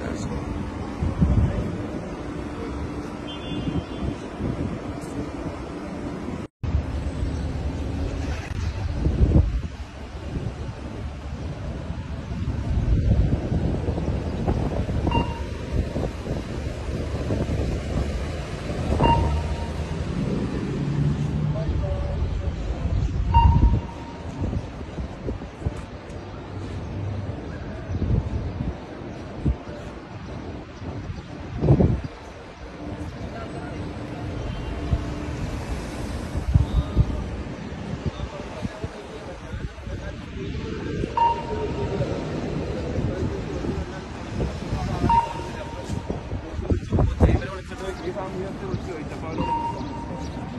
That's cool. Beyefendi yatıyor, ilk defa öyle.